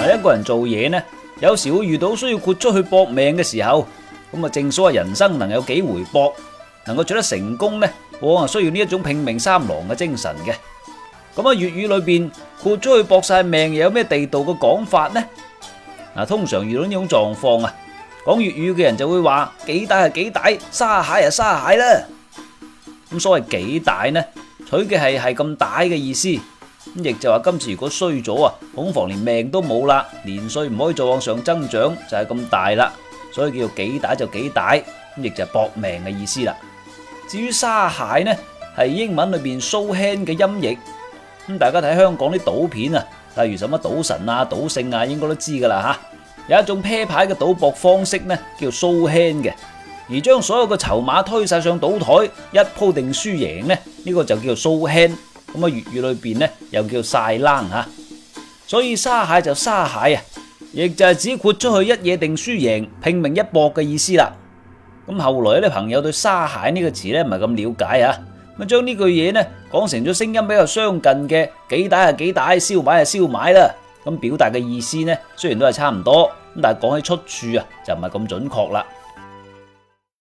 係一個人做嘢呢，有時會遇到需要豁出去搏命嘅時候，咁啊，正所謂人生能有幾回搏，能夠取得成功呢？往往需要呢一種拼命三郎嘅精神嘅。咁、嗯、啊，粵語裏邊豁出去搏晒命又有咩地道嘅講法呢？嗱，通常遇到呢種狀況啊，講粵語嘅人就會話：幾大係幾大，沙蟹係沙蟹啦。咁、嗯、所謂幾大呢，取嘅係係咁大嘅意思。咁亦就話今次如果衰咗啊，恐慌連命都冇啦，年歲唔可以再往上增長，就係、是、咁大啦，所以叫幾大就幾大，咁亦就係搏命嘅意思啦。至於沙蟹呢，係英文裏邊 show hand 嘅音譯，咁大家睇香港啲賭片啊，例如什麼賭神啊、賭聖啊，應該都知噶啦吓，有一種啤牌嘅賭博方式呢，叫 show hand 嘅，而將所有嘅籌碼推晒上賭台，一鋪定輸贏呢，呢、這個就叫做 show hand。咁啊，粵語裏邊咧又叫晒冷吓啊，所以沙蟹就沙蟹啊，亦就係指豁出去一夜定輸贏，拼命一搏嘅意思啦。咁後來呢，朋友對沙蟹呢個詞呢唔係咁了解啊，咁將呢句嘢呢講成咗聲音比較相近嘅幾大啊，幾大燒賣啊，燒賣啦。咁表達嘅意思呢，雖然都係差唔多，咁但係講起出處啊就唔係咁準確啦。